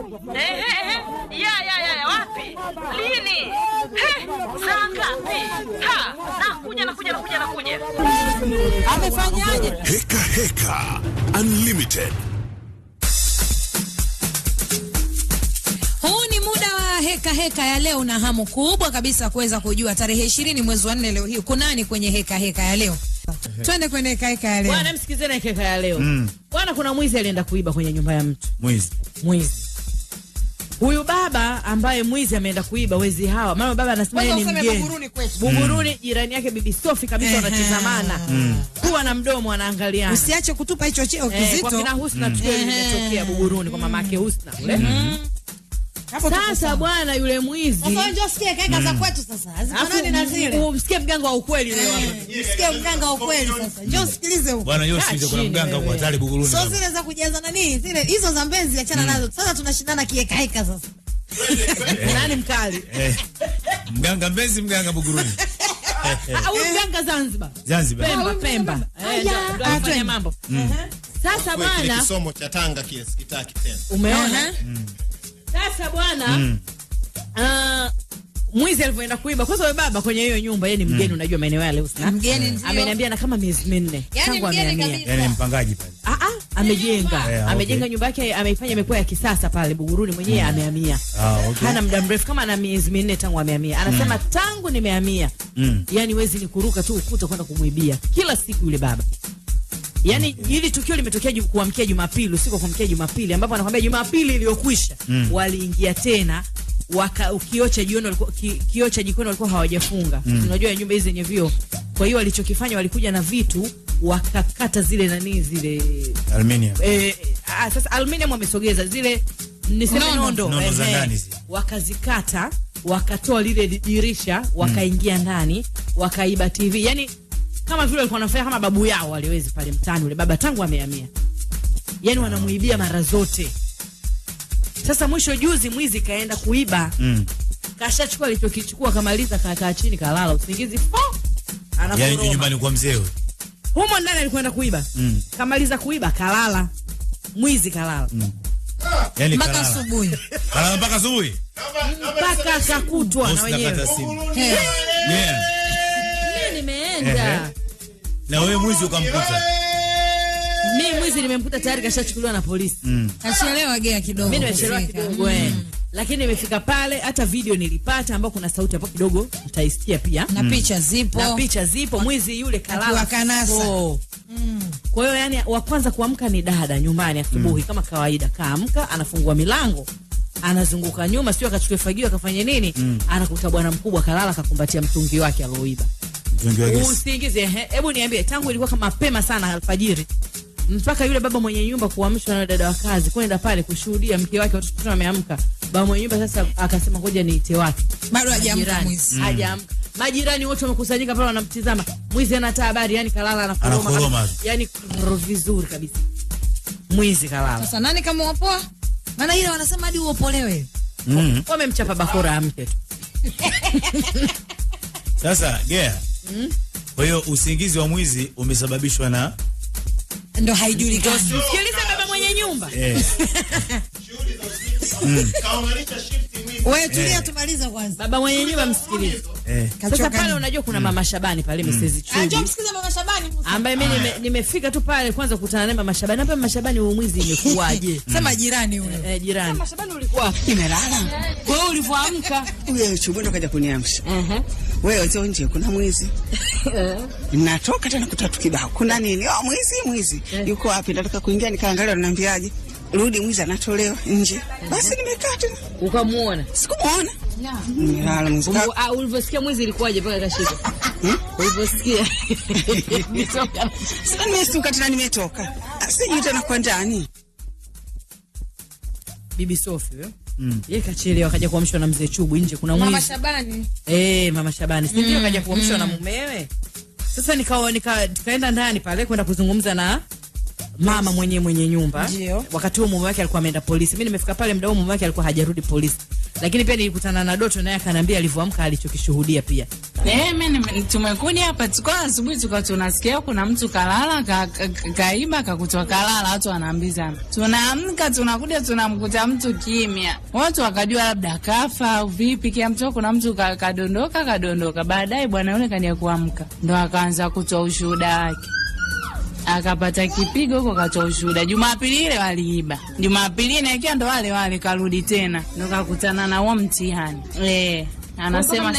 Eh, eh, eh, Wapi? Lini? Saa ngapi? Nakuja, nakuja, nakuja, nakuja. Amefanyaje? Heka Heka Unlimited. Heka heka ya leo na hamu kubwa kabisa kuweza kujua tarehe ishirini mwezi wa nne leo hii kunani kwenye heka heka ya leo? Twende kwenye heka heka ya leo. Bwana msikizeni heka heka ya leo. Mm. Bwana, mm. kuna mwizi alienda kuiba kwenye nyumba ya mtu. Mwizi. Mwizi huyu baba ambaye mwizi ameenda kuiba wezi hawa, mama baba anasema yeye ni mgeni Buguruni, mm. jirani yake bibi Sofi kabisa, wanatizamana mm. kuwa na mdomo, anaangaliana. Usiache kutupa hicho cheo eh, kizito kwa kina Husna, tukio limetokea Buguruni kwa mamake Husna ule mm-hmm. Sasa bwana yule mwizi. Sasa njoo sikia kaeka za kwetu sasa. Hazifanani na zile. Usikie mganga wa ukweli leo hapa. Eh, umsikie mganga wa ukweli sasa. Njoo sikilize huko. Bwana yule ah, sikilize kuna mganga huko hatari buguruni. So zile za kujaza nani? Zile hizo za mbenzi achana mm. nazo. Sasa tunashindana kieka heka sasa. Nani mkali? Eh, mganga mbenzi, mganga buguruni. Au ah, mganga Zanzibar. Zanzibar. Pemba ah, Pemba. Eh, Ndio mambo. Mm. Sasa bwana. Kisomo cha Tanga kiasi kitaki tena. Umeona? Eh, mm sasa bwana mm. ah, mwizi alivyoenda kuiba kwanza, we baba kwenye hiyo nyumba, yeye ni mm. mgeni Unajua maeneo yale usina mgeni mm. Ameniambia na kama miezi minne yaani tangu amehamia, yani mpangaji pale ah ah, amejenga amejenga Nyumba yake ameifanya imekuwa ya kisasa pale Buguruni mwenyewe mm. Amehamia ah, okay. Hana muda mrefu kama ana miezi minne tangu amehamia, anasema mm. Tangu nimehamia Yani wezi ni kuruka tu ukuta kwenda kumuibia kila siku yule baba Yaani hili tukio limetokea jum, kuamkia Jumapili usiku kuamkia Jumapili ambapo anakuambia Jumapili iliyokwisha mm. waliingia tena waka kioo cha jioni walikuwa kioo cha jikoni walikuwa hawajafunga. Mm. Unajua nyumba hizi zenye vio. Kwa hiyo walichokifanya walikuja na vitu wakakata zile nani zile aluminium. Eh, ah, sasa aluminium wamesogeza zile ni sema nondo nondo no, no, no, wakazikata wakatoa lile dirisha wakaingia mm. ndani wakaiba TV. yani kama vile walikuwa wanafanya kama babu yao waliwezi pale mtaani ule baba tangu amehamia, yani wanamuibia mara zote. Sasa mwisho juzi mwizi kaenda kuiba mm. Kashachukua alichokichukua kamaliza, kakaa chini kalala usingizi po, anaporoma yani nyumbani kwa mzee humo ndani alikwenda kuiba mm. Kamaliza kuiba kalala, mwizi kalala mm. Yani mpaka asubuhi kalala mpaka asubuhi mpaka kakutwa na wenyewe Yeah. Mimi nimeenda na wewe mwizi ukamkuta? Mimi mwizi nimemkuta tayari kashachukuliwa na polisi. Mm. Kachelewa gea kidogo. Mimi nimechelewa kidogo eh. Mm. Lakini nimefika pale, hata video nilipata ambao kuna sauti hapo kidogo utaisikia pia. Na mm. picha zipo. Na picha zipo, mwizi yule kalala. Kwa Mm. Kwa hiyo yani wa kwanza kuamka ni dada nyumbani asubuhi mm. kama kawaida kaamka anafungua milango anazunguka nyuma, sio akachukua fagio akafanya nini mm. anakuta bwana mkubwa kalala akakumbatia mtungi wake aloiba usingize. Eh, hebu niambie, tangu ilikuwa mapema sana alfajiri mpaka yule baba mwenye nyumba kuamshwa na dada wa kazi kwenda pale kushuhudia mke wake watoto wameamka. Baba mwenye nyumba sasa akasema ngoja niite wake, bado hajaamka mwizi, hajaamka mm. majirani wote wamekusanyika pale, wanamtizama mwizi, anataa habari yani, kalala anakoroma, yani vizuri kabisa, mwizi kalala. Sasa nani kama uopoa? Maana ile wanasema hadi uopolewe. Mm. Wamemchapa bakora mke tu. Sasa yeah mm. Kwa hiyo usingizi wa mwizi umesababishwa na ndo haijulikani. Sikiliza baba mwenye nyumba. Eh. Hmm. Wewe tulia yeah. Tumaliza kwanza. Baba mwenye nyumba msikilize. Yeah. Sasa pale unajua kuna Mama Shabani pale mm. Msezi Chubi. Acha msikilize Mama Shabani. Ambaye mimi nimefika tu pale kwanza kukutana naye Mama Shabani. Hapa Mama Shabani wewe mwizi imekuaje? Sema jirani yule. Eh, eh, jirani. Mama Shabani ulikuwa kimelala. Kwa hiyo ulivyoamka, huyo Chubi ndo kaja kuniamsha. Mhm. Uh -huh wewe sio nje, kuna mwizi natoka tena kutatu kibao, kuna eh. nini? Oh, mwizi mwizi eh. yuko wapi? Nataka kuingia nikaangalia, naambiaje rudi, mwizi anatolewa nje. Eh. Basi nimekaa tena, ukamuona? Sikumuona. Ulivyosikia mwizi ilikuwaje mpaka kashika? Hmm? Ulivyosikia nimesuka tena, nimetoka ah, sijui tena kwa ndani, bibi Sofi Mm. Yeye kachelewa kaja kuamshwa na mzee Chubu nje kuna mwizi. Mama Shabani. Eh, Mama Shabani. Sasa ndio mm. kaja kuamshwa mm. na mumewe. Sasa nikawa nika, tukaenda ndani pale kwenda kuzungumza na mama mwenyewe mwenye nyumba. Ndio. Wakati huo mume wake alikuwa ameenda polisi. Mimi nimefika pale muda mume wake alikuwa hajarudi polisi lakini pia nilikutana na Doto naye akaniambia alivyoamka alichokishuhudia pia. Eh, mimi tumekuja hapa tuko asubuhi tuko tunasikia kuna mtu kalala ka, ka, kaiba kakutoa kalala watu wanaambiza. Tunaamka tunakuja tunamkuta mtu kimya. Watu wakajua labda kafa au vipi kia mtu kuna mtu kadondoka kadondoka. Baadaye bwana yule kaniya kuamka. Ndio akaanza kutoa ushuhuda wake akapata kipigo huko, katoa ushuhuda. Jumapili ile waliiba, Jumapili naekea ndo wale wale karudi tena, ndo kakutana na huo mtihani eh. Anasema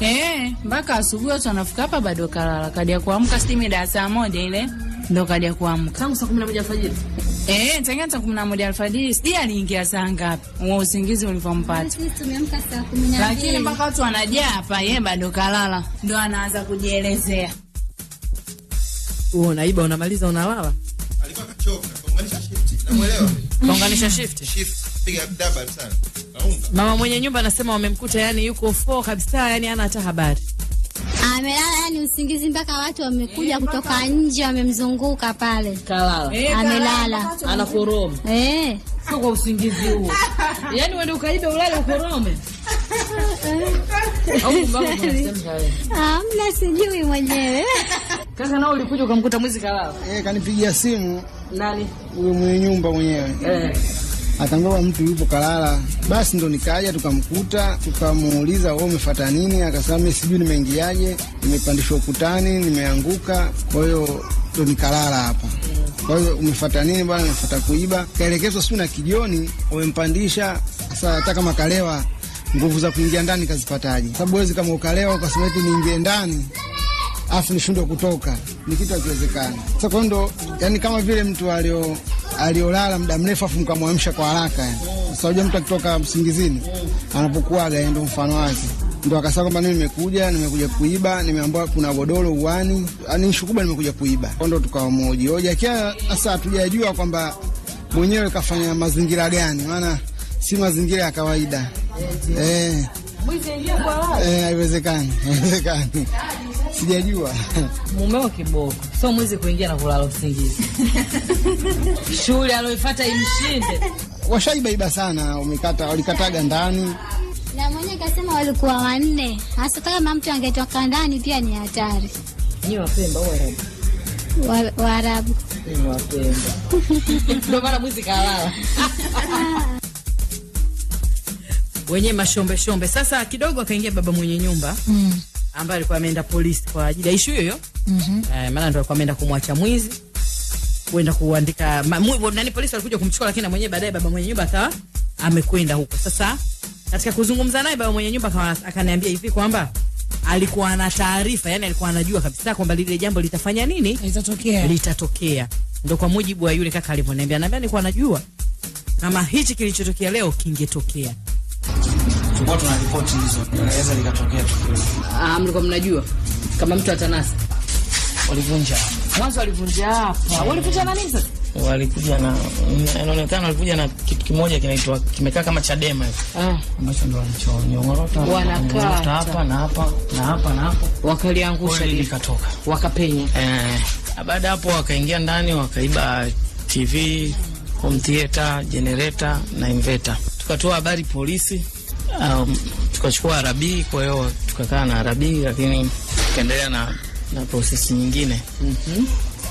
eh, mpaka asubuhi watu wanafika hapa bado kalala. Kadia kuamka stimi da saa moja ile ndo kadia kuamka tangu saa 11 alfajiri eh, tangia saa 11 alfajiri sijui aliingia saa ngapi, huo usingizi ulivyompata, lakini mpaka watu wanajaa hapa, yeye bado kalala, ndo anaanza kujielezea wewe unaiba unamaliza unalala. Alikuwa kachoka, kaunganisha shift. Namuelewa? Kaunganisha shift. Shift piga double sana. Kaunga. Mama mwenye nyumba anasema wamemkuta yani yuko 4 kabisa yani hana hata habari. Amelala yani usingizi mpaka watu wamekuja e, kutoka nje wamemzunguka pale. Kalala. E, amelala. Anakoroma. Eh. Sio kwa usingizi huo. yani wewe ukaibe ulale ukorome. Au Ah, mna sijui mwenyewe. Kaka nao ulikuja ukamkuta mwizi kalala? Eh, kanipigia simu. Nani? Huyo mwenye nyumba mwenyewe. Eh. Akaambia mtu yupo kalala. Basi ndo nikaja tukamkuta, tukamuuliza wewe umefuata nini? Akasema mimi sijui nimeingiaje, nimepandishwa ukutani, nimeanguka. Kwa hiyo ndo nikalala hapa. Kwa hiyo umefuata nini bwana? Nafuata kuiba. Kaelekezwa sio na kijoni, umempandisha. Sasa hata kama kalewa, nguvu za kuingia ndani kazipataje? Sababu wewe kama ukalewa ukasema eti niingie ndani, afu nishindwe kutoka, ni kitu akiwezekana. Sasa kwa ndo yani kama vile mtu alio aliolala muda mrefu afu mkamwamsha kwa haraka yani. Sasa unajua mtu akitoka msingizini anapokuaga ndo mfano wake ndo akasema kwamba mimi nimekuja nimekuja kuiba, nimeambiwa kuna godoro uani, yaani ni ishu kubwa, nimekuja kuiba. Ndo tukawa moja hoja kia, sasa hatujajua kwamba mwenyewe kafanya mazingira gani, maana si mazingira ya kawaida eh mwizi aingia kwa raha? Eh, haiwezekani, haiwezekani. Sijajua. Mumeo kiboko. Sio mwizi kuingia na kulala usingizi. Shule aloifuata imshinde. Washaibaiba sana, umekata walikataga ndani. Na mwenye kasema walikuwa wanne. Hasa kama mtu angetoka ndani pia ni hatari. Ni wapemba au Waarabu? Waarabu. Ni wapemba. Ndio maana mwizi kalala. wenye mashombe shombe. Sasa kidogo akaingia baba mwenye nyumba mm. ambaye alikuwa ameenda polisi kwa ajili ya ishu hiyo mm -hmm. E, maana ndo alikuwa ameenda kumwacha mwizi kwenda kuandika nani, polisi walikuja kumchukua, lakini na mwenyewe baadaye baba mwenye nyumba akawa amekwenda huko. Sasa katika kuzungumza naye baba mwenye nyumba akaniambia hivi kwamba alikuwa na taarifa, yani alikuwa anajua kabisa kwamba lile jambo litafanya nini, litatokea, litatokea. Ndo kwa mujibu wa yule kaka alivyoniambia, ananiambia nilikuwa najua kama hichi kilichotokea leo kingetokea tulikuwa ripoti hizo, inaweza likatokea tukio. Ah, mlikuwa mnajua kama mtu atanasa? Walivunja mwanzo, walivunja hapa, walivunja na nini sasa walikuja na inaonekana walikuja na kitu kimoja kinaitwa kimekaa kama Chadema hivi ah, ambacho ndio walichonyongorota wanakaa hapa na hapa na hapa na hapo, wakaliangusha likatoka, wakapenya eh. Baada hapo wakaingia ndani, wakaiba TV, home theater, generator na inverter. Tukatoa habari polisi um, tukachukua Arabii, kwa hiyo tukakaa na Arabii, lakini tukaendelea na, na prosesi nyingine mm -hmm.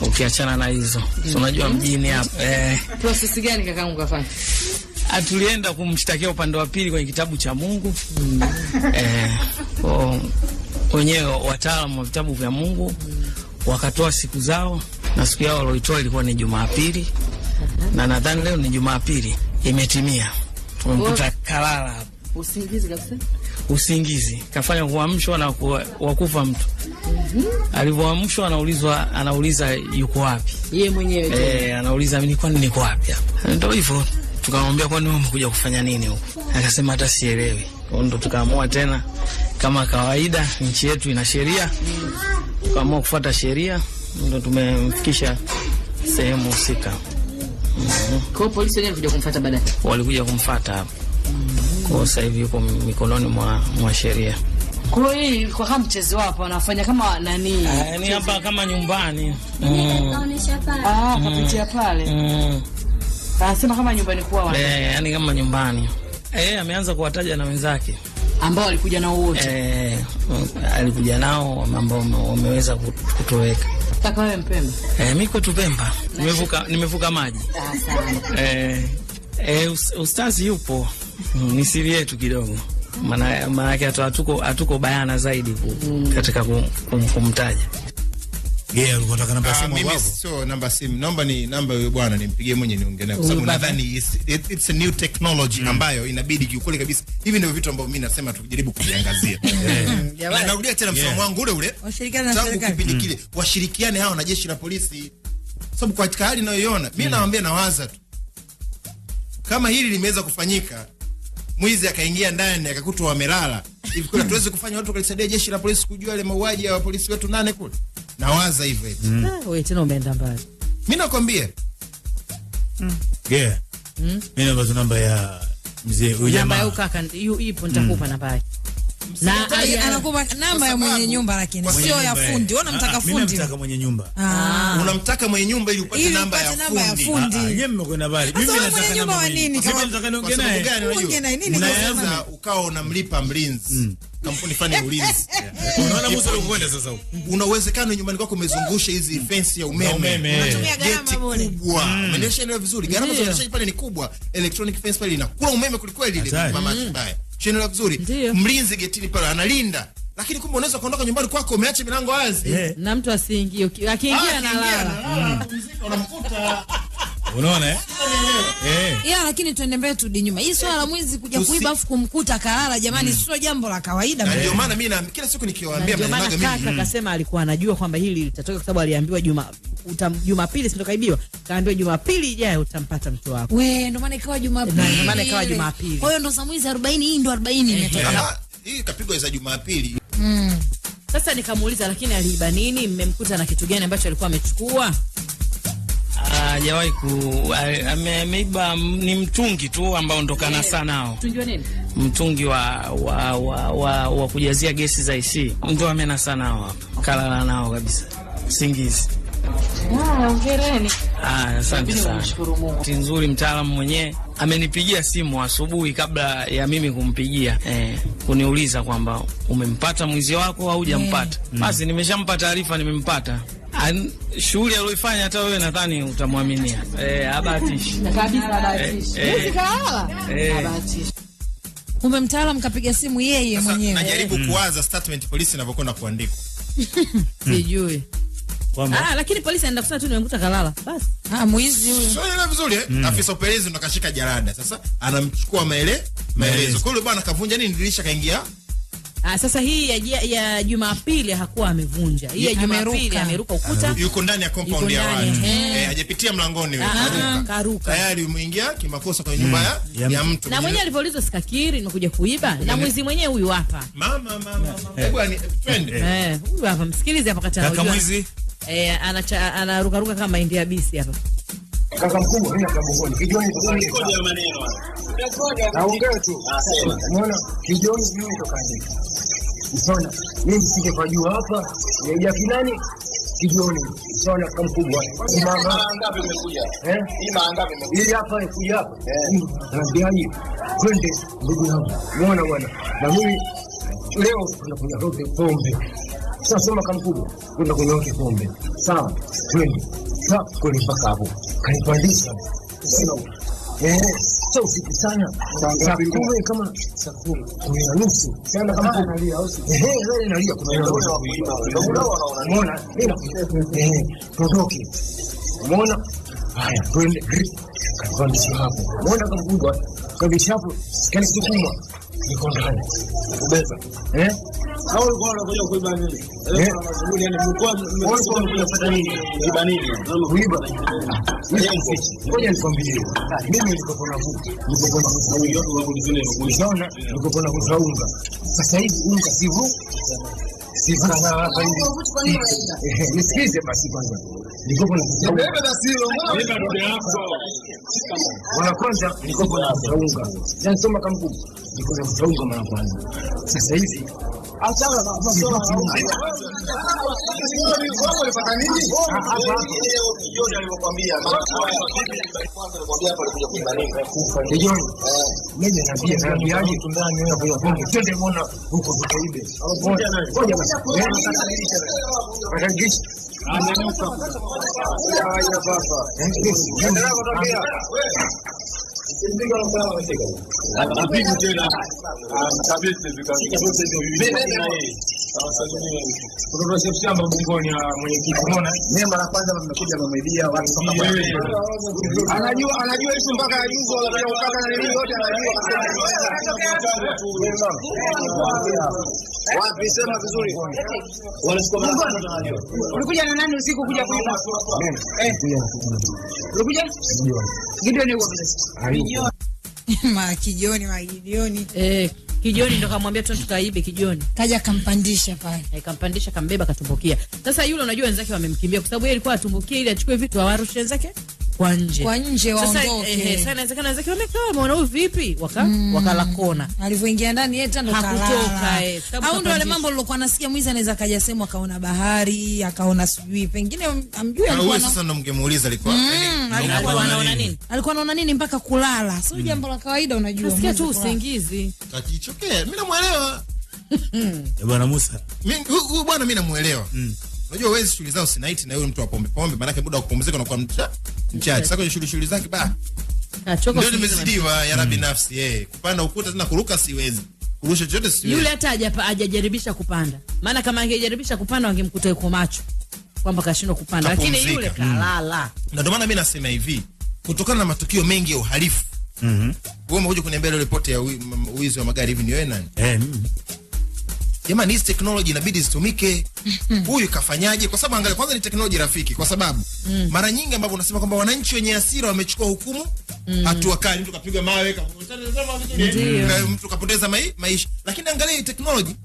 Ukiachana na hizo so, mhm. unajua mjini hapa eh, prosesi gani kakangu kafanya? Atulienda ah, kumshtakia upande wa pili kwenye kitabu cha Mungu mm. eh, wenyewe wataalamu wa vitabu vya Mungu mm. wakatoa siku zao, na siku yao walioitoa ilikuwa ni Jumapili, na nadhani leo ni Jumapili imetimia. Tumemkuta Kalala usingizi kabisa, usingizi kafanya kuamshwa na wakufa mtu mm -hmm. Alivyoamshwa anaulizwa, anauliza yuko wapi yeye mwenyewe eh, anauliza mimi kwani niko wapi hapa, ndio hivyo. Tukamwambia kwani wewe umekuja kufanya nini huko? Akasema hata sielewi. Ndo tukaamua tena, kama kawaida, nchi yetu ina sheria, mm. tukaamua kufuata sheria, ndo tumemfikisha sehemu husika. Mm -hmm. Kwa polisi wenyewe walikuja kumfuata baadaye, walikuja kumfuata hapo Mm -hmm kwa sasa hivi yuko mikononi mwa, mwa sheria. Kwa hii kwa kama mchezo wapo anafanya kama nani? Ah, ni hapa kama nyumbani. Anaonyesha mm. pale. Ah, kapitia mm. pale. Mm. Anasema kama nyumbani kwa wao. Eh, yani kama nyumbani. Eh, ameanza kuwataja na wenzake ambao alikuja nao wote. Eh, alikuja nao ambao wameweza kutoweka. Kaka wewe Mpemba? Eh, mimi tu Pemba. Nimevuka nimevuka maji. Ah, sana. Eh, eh ustazi yupo. Mm, ni siri yetu kidogo, maana maanake hatuko hatuko bayana zaidi ku, mm. katika kumtaja. Yeah, namba uh, mimi sio namba simu, naomba ni namba huyo bwana nimpigie mwenye niongee naye, kwa sababu nadhani it's, it's a new technology mm, ambayo inabidi kiukweli kabisa, hivi ndio vitu ambavyo mimi nasema tujaribu kuviangazia. yeah. yeah. Mm. Narudia tena msomo yeah. wangu ule ule, washirikiane na serikali kipindi kile mm, washirikiane hao na jeshi la polisi, sababu katika hali inayoiona mimi mm. nawaambia, nawaza tu kama hili limeweza kufanyika mwizi akaingia ndani akakuta wamelala hivi kule, tuweze kufanya watu kalisaidia jeshi la polisi kujua ile mauaji ya polisi wetu nane kule, nawaza hivyo hivyo. Mm. Ah, wewe tena umeenda mbali, mimi nakwambia mm. yeah mm. mimi namba namba ya mzee huyu jamaa, namba yako kaka ipo, nitakupa mm. namba yake na anakupa namba ya mwenye nyumba, lakini sio ya eh. fundi. Wewe unamtaka ah, ah, fundi? Mimi nataka mwenye nyumba. Ah. Unamtaka mwenye nyumba ili upate namba ya fundi. Yeye mmekwenda mbali. Mimi nataka namba ya nini? Mimi nataka niongee naye. Niongee naye nini? Unaweza ukao unamlipa mlinzi mm. kampuni fani ya ulinzi. Unaona Musa unakwenda sasa huko. Una uwezekano nyumbani kwako umezungusha hizi mm. fence ya umeme. Unatumia gharama kubwa. Mm. Umeendesha eneo vizuri. Gharama za uendeshaji pale ni kubwa. Electronic fence pale inakula umeme kulikweli ile mama mbaya. Unaelewa vizuri? Mlinzi getini pale analinda. Lakini kumbe unaweza kuondoka nyumbani kwako umeacha milango wazi. Na mtu asiingie. Akiingia analala. Unamkuta. Unaona eh? Eh. Ya lakini tuende mbele tu nyuma. Hii swala la mwizi kuja kuiba afu kumkuta kalala jamani mm. Sio jambo la kawaida. Na ndio maana mimi na kila siku nikiwaambia maneno yangu mimi. Kaka akasema alikuwa anajua kwamba hili litatoka kwa sababu aliambiwa Juma utam Jumapili kaibiwa, Kaambiwa Jumapili ijayo utampata mtu wako. We ndio maana ikawa Jumapili. Ndio maana ikawa Jumapili. Kwa hiyo ndo za mwizi 40 hii ndo 40 eh, imetoka. Hii kapigwa za Jumapili. Mm. Sasa nikamuuliza lakini aliiba nini? Mmemkuta na kitu gani ambacho alikuwa amechukua? hajawahi ku ameiba, ni mtungi tu ambao ndokana eh, sana nao mtungi wa wa, wa, wa wa kujazia gesi za IC ndio amena sana nao hapa, kalala nao kabisa singizi. Ah, ah, asante sana, nzuri. Mtaalamu mwenyewe amenipigia simu asubuhi kabla ya mimi kumpigia eh, kuniuliza kwamba umempata mwizi wako au hujampata. Eh. Basi nimeshampa taarifa, nimempata shughuli aliyoifanya hata wewe nadhani utamwaminia. Eh, abahatishi kabisa, abahatishi eh, eh. abahatishi eh. kumbe mtaalam kapiga simu yeye mwenyewe. Najaribu mm. kuwaza statement polisi inavyokwenda kuandikwa, sijui Ah, lakini polisi anaenda kusema tu nimemkuta kalala. Basi. Ah, mwizi huyu. Sio ile vizuri eh? Mm. Afisa upelelezi ndo kashika jalada. Sasa anamchukua maele maelezo. Kwa hiyo bwana kavunja nini dirisha kaingia Ah, sasa hii ya, ya Jumapili hakuwa amevunja. Hii ya Jumapili ameruka ukuta. Yuko ndani ya compound ya watu. Eh. eh, hajapitia mlangoni ah, ah, karuka. Tayari umeingia kimakosa kwa nyumba mm, ya, ya, mtu. Na mwenye alivyoulizwa sikakiri nimekuja kuiba na mwizi mwenyewe huyu hapa. Mama mama mama. Hebu ani Twende. Eh, eh huyu hapa msikilize hapa kata. Kaka mwizi. Eh, anaruka ruka kama India bisi hapa. Kaka mkubwa mimi nakabongoni. Kijoni ndio maneno. Naongea tu. Ah, Unaona? Kijoni mimi nitokaje? Msona mimi singepajua hapa ya kinani kijoni Msona kama mkubwa mama ngapi umekuja eh hii mara ngapi hii hapa kuja hapa eh. anambiaje twende ndugu yangu muona bwana na mimi leo tunakunywa rote pombe sasa sema kama kubwa kwenda kunywa rote pombe sawa twende sasa kule mpaka hapo kanipandisha sina eh sio usiku sana, saa kumi kama saa kumi na nusu kama analia Haya, twende kwa msihapo, umeona kama kubwa kwa vishapo kani sukuma, eh hao walikuwa wanakuja kuiba nini? Eh, yani mlikuwa unga. Sasa hivi unga sivyo? Sivyo basi kwanza. Nilikuwa mara kwanza nilikuwa bwana nafunga. Yaani soma kama mkubwa. Nilikuwa nafunga mara kwanza. Sasa hivi mimi Haya baba. Sipiga mfano amefika. tena. Kabisa vikabote hivyo mwenyekiti unaona? Nema la kwanza mmekuja mmemwibia anajua anajua hizo mpaka ajuzo wala mpaka na nini yote anajua. Ulikuja na nani usiku kuja kuiba? Ulikuja? Gideon yuko ma kijoni ma eh Kijoni ndo kamwambia tu tukaibe Kijoni. Kaja kampandisha pale. eh kampandisha kambeba katumbukia. Sasa yule unajua wenzake wamemkimbia kwa sababu yeye alikuwa atumbukia ili achukue vitu awarushe wenzake kwa nje kwa nje waondoke. sasa inawezekana inawezekana kama huyu vipi waka mm. wakala kona alivyoingia ndani yeye tena hakutoka eh, au ndio wale mambo lilokuwa nasikia mwizi anaweza kaja sehemu akaona bahari akaona sijui pengine amjue alikuwa na sasa ndo mngemuuliza alikuwa mm, alikuwa anaona nini alikuwa anaona nini mpaka kulala sio mm. jambo la kawaida unajua nasikia tu usingizi takichokea mimi namuelewa ya bwana Musa mimi huyu bwana mimi namuelewa mm. unajua wewe shughuli zao sinaiti na yule mtu wa pombe pombe maana yake muda wa kupumzika unakuwa mtu mchache. Sasa kwenye shughuli shughuli zake ba ah, ndio nimezidiwa ya rabi nafsi yeye, eh. kupanda ukuta tena kuruka siwezi, kurusha chochote siwezi. Yule hata hajajaribisha kupanda, maana kama angejaribisha kupanda wangemkuta yuko macho kwamba kashindwa kupanda, lakini yule kalala. Mm. Na ndio maana mimi nasema hivi, kutokana na matukio mengi ya uhalifu, mhm, wewe umekuja kuniambia ile ripoti ya wizi wa magari hivi ni wewe nani? Eh, mimi jamani, hizi teknoloji inabidi zitumike. Huyu kafanyaje? Kwa sababu angalia, kwanza ni teknoloji rafiki, kwa sababu mm. mara nyingi ambavyo unasema kwamba wananchi wenye hasira wamechukua hukumu mm. hatua kali, mtu kapiga mawe, eh, mtu kapoteza mai, maisha. Lakini angalia hii teknoloji,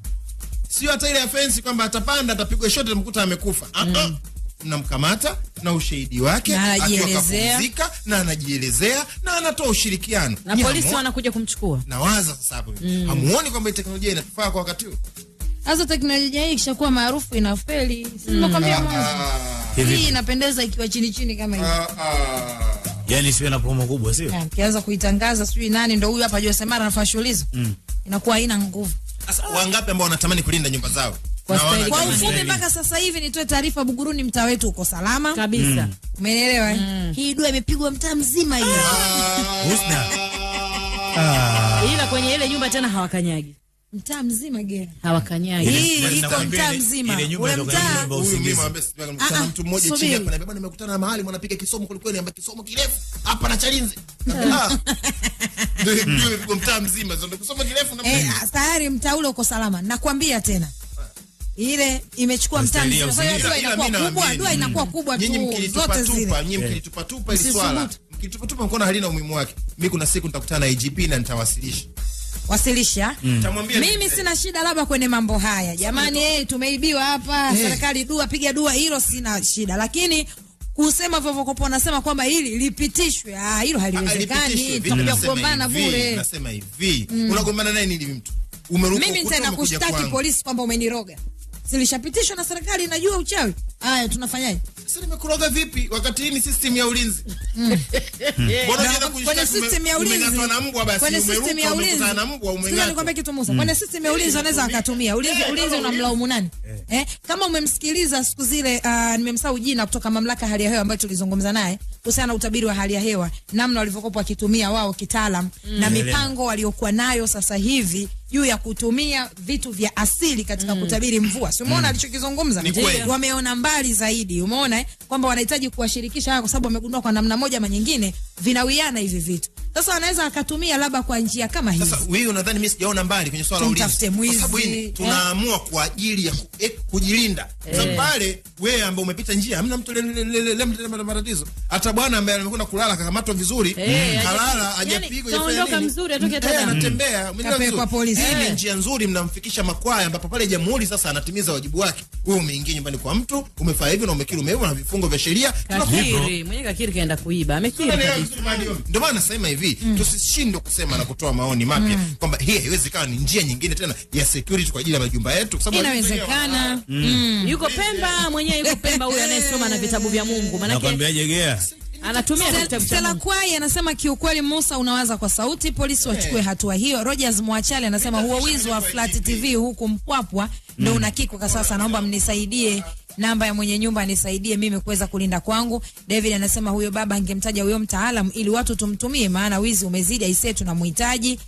sio hata ile offense kwamba atapanda atapigwa shoti atamkuta amekufa ah, mm. uh-uh ah. mnamkamata na ushahidi wake, akiwa na anajielezea na anatoa ushirikiano na polisi wanakuja kumchukua. Nawaza sasa hapo, mm. hamuoni kwamba teknolojia inatufaa kwa wakati huu? Sasa teknolojia hii ikishakuwa maarufu inafeli. Mm. Nakwambia ah, ah. hii inapendeza ikiwa chini chini kama hivi. Ah, yani sio na promo kubwa sio? Ukianza kuitangaza sio nani ndio huyu hapa jua Semara anafanya shughuli hizo. mm. Inakuwa haina nguvu. Sasa wangapi ambao wanatamani kulinda nyumba zao? Kwa kwa ufupi mpaka sasa hivi nitoe taarifa, Buguruni mtaa wetu uko salama kabisa. Mm. Umeelewa? Eh? Mm. Hii dua imepigwa mtaa mzima hii. ah. Ila kwenye ile nyumba tena hawakanyagi mtaa mzima gera hawakanyagi hii iko mtaa mzima ule ah, mtaa mtu mmoja chini hapa na nimekutana mahali mwanapiga kisomo ambaye kisomo kirefu hapa na ah. ndio mtaa mzima ndio kirefu na eh ah, tayari mtaa ule uko salama nakwambia tena ile imechukua mtaa mzima kwa hiyo dua inakuwa kubwa dua inakuwa kubwa tu zote zile nyinyi eh. ile swala halina umuhimu wake mimi kuna siku nitakutana na IGP na nitawasilisha wasilisha ah. mm. Mimi sina shida labda kwenye mambo haya jamani, hey, tumeibiwa hapa hey. Eh. Serikali dua piga dua, hilo sina shida, lakini kusema vovokopo nasema kwamba hili lipitishwe, ah, hilo ah, haliwezekani, tutakuja kugombana bure. Nasema hivi, mm. unagombana naye nini mtu? mimi nitaenda kushtaki polisi kwamba umeniroga zilishapitishwa na serikali inajua uchawi. Haya, tunafanyaje? Sasa nimekuroga vipi wakati hii ni system ya ulinzi? Mm. Mbona unaenda kwenye system ya ulinzi? Umenatwa na mbwa basi, kwenye mm. system ya ulinzi na mbwa umengatwa. Sasa nikwambia kitu Musa, kwenye system ya ulinzi anaweza akatumia. Ulinzi ulinzi unamlaumu nani? Eh, eh? kama umemsikiliza siku zile ah, nimemsahau jina kutoka mamlaka hali ya hewa ambayo tulizungumza naye kuhusiana na utabiri wa hali ya hewa, namna walivyokuwa wakitumia wao kitaalam mm, na mipango waliokuwa nayo sasa hivi juu ya kutumia vitu vya asili katika mm. kutabiri mvua. Si umeona mm. alichokizungumza? Wameona mbali zaidi. Umeona eh? Kwamba wanahitaji kuwashirikisha kwa sababu wamegundua kwa namna moja ama nyingine vinawiana hivi vitu. Sasa anaweza akatumia labda kwa njia kama hizi. Sasa wewe unadhani mimi sijaona mbali kwenye swala la ulinzi? Kwa sababu hii eh? tunaamua kwa ajili ya eh, kujilinda. Na eh. pale wewe ambaye umepita njia hamna mtu lele matatizo. Hata bwana ambaye amekwenda kulala akakamatwa vizuri, eh, mm, kalala hajapigwa yani, kaondoka mzuri atoke tena. Eh, anatembea. Mm. Kapelekwa polisi. Hii ni njia nzuri mnamfikisha Makwaya ambapo pale jamhuri sasa anatimiza wajibu wake. Wewe umeingia nyumbani kwa mtu, umefanya hivyo na umekiri umeiva na vifungo vya sheria. Tunakuhiri. mwenye kakiri kaenda kuiba. Amekiri. Ndio maana nasema hivi hivi mm. tusishindwe kusema na kutoa maoni mapya mm. kwamba hii haiwezi kawa ni njia nyingine tena ya security kwa ajili ya majumba yetu, kwa sababu inawezekana mm. mm. yuko Pemba mwenyewe, yuko Pemba huyo anayesoma na vitabu vya Mungu, maana nakwambia jegea anatumia Stella Kwai anasema kiukweli, Musa unawaza kwa sauti, polisi eh. wachukue hatua hiyo. Rogers Mwachale anasema huo wizi wa Flat TV huku Mpwapwa ndio mm. unakikwa kwa sasa, naomba mnisaidie namba ya mwenye nyumba anisaidie mimi kuweza kulinda kwangu. David anasema huyo baba angemtaja huyo mtaalamu ili watu tumtumie, maana wizi umezidi, aisee, tunamhitaji.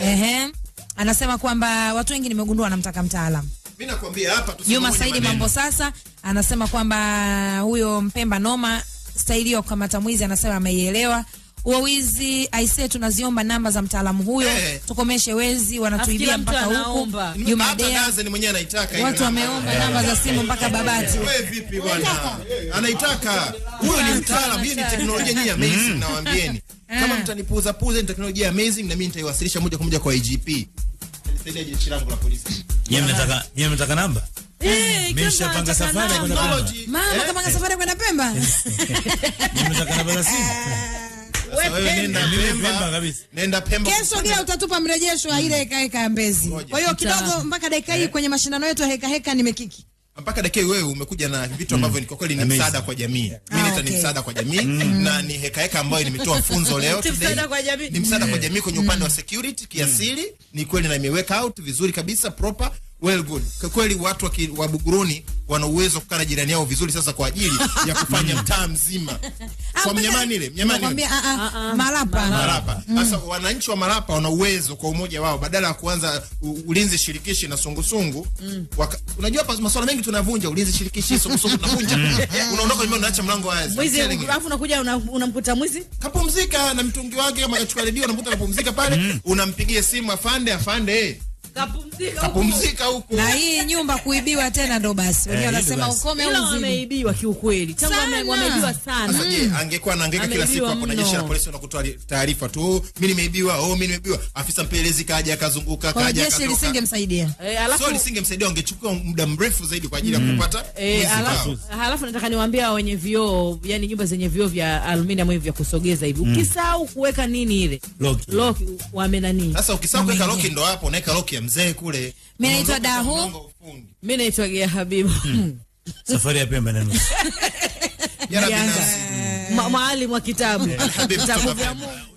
Eh. Ehe, anasema kwamba watu wengi nimegundua wanamtaka mtaalamu. Mimi nakwambia hapa tu Juma Saidi mambo sasa, anasema kwamba huyo Mpemba noma staili ya kukamata mwizi, anasema ameielewa Wawizi aisee, tunaziomba namba za mtaalamu huyo hey. Eh. tukomeshe wezi wanatuibia mpaka huku. Ni mwenyewe anaitaka watu wameomba eh, namba za simu mpaka eh. Babati. Wewe vipi bwana, anaitaka huyo. Ni mtaalamu, hii ni teknolojia nyinyi amazing, mm. nawaambieni eh. kama mtanipuuza puuza, ni teknolojia amazing, na mimi nitaiwasilisha moja kwa moja kwa IGP. Nisaidia jeshi langu la polisi. Yeye anataka yeye anataka namba Nimeshapanga safari kwenda Pemba. Mama, kapanga safari kwenda Pemba. Nimeshapanga namba za simu nenda Pemba kesho, kila utatupa mrejesho wa ile heka heka ya Mbezi. Kwa hiyo kidogo mpaka dakika hii eh. kwenye mashindano yetu ya heka heka nimekiki mpaka dakika wewe umekuja na vitu ambavyo mm. kwa kweli ni msaada kwa jamii. Ah, Mimi naita ni msaada kwa jamii mm. na ni heka heka ambayo nimetoa funzo leo today. Ni msaada kwa mm. jamii kwenye upande wa mm. security kiasili, ni kweli na imeweka out vizuri kabisa proper well good. Kwa kweli watu wa, wa Buguruni wana uwezo wa kukaa jirani yao vizuri sasa kwa ajili ya kufanya mtaa mzima. Ah, kwa Mnyamani ile, Mnyamani ile. Ah, ah. Marapa. Marapa. Mm. Sasa mm. wananchi wa Marapa wana uwezo kwa umoja wao badala ya kuanza ulinzi shirikishi na sungusungu. Mm. Unajua hapa masuala mengi tunavunja ulinzi shirikishi, sungusungu tunavunja. Mm. Unaondoka nyumbani unaacha mlango wazi. Mwizi alafu unakuja unamkuta mwizi. Kapumzika na mtungi wake kama kachukua redio unamkuta kapumzika pale, mm. unampigia simu afande afande kapumzika huko. Na hii nyumba kuibiwa tena ndo basi. Eh, Wenyewe wanasema ukome uzidi. Ila wameibiwa kiukweli. Tangu wameibiwa sana. Sasa je, angekuwa anahangaika kila siku hapo na jeshi la polisi wanakutoa taarifa tu, oh, mimi nimeibiwa, oh mimi nimeibiwa. Afisa mpelelezi kaja akazunguka, kaja akatoka Jeshi lisingemsaidia. Eh, alafu so lisingemsaidia ungechukua muda mrefu zaidi kwa ajili ya kupata. Mm. Eh, alafu alafu nataka niwaambie hao wenye vioo, yani nyumba zenye vioo vya aluminium hivi vya kusogeza hivi. Mm. Ukisahau kuweka nini ile? Lock. Lock wamenani. Sasa ukisahau kuweka lock ndo hapo unaweka lock yule mzee kule. Mimi naitwa Dahu. Mimi naitwa Gea Habibu. Hmm. Safari ya Pemba na nusu. Ya Rabbi maalim wa kitabu. Eh, kitabu vya Mungu.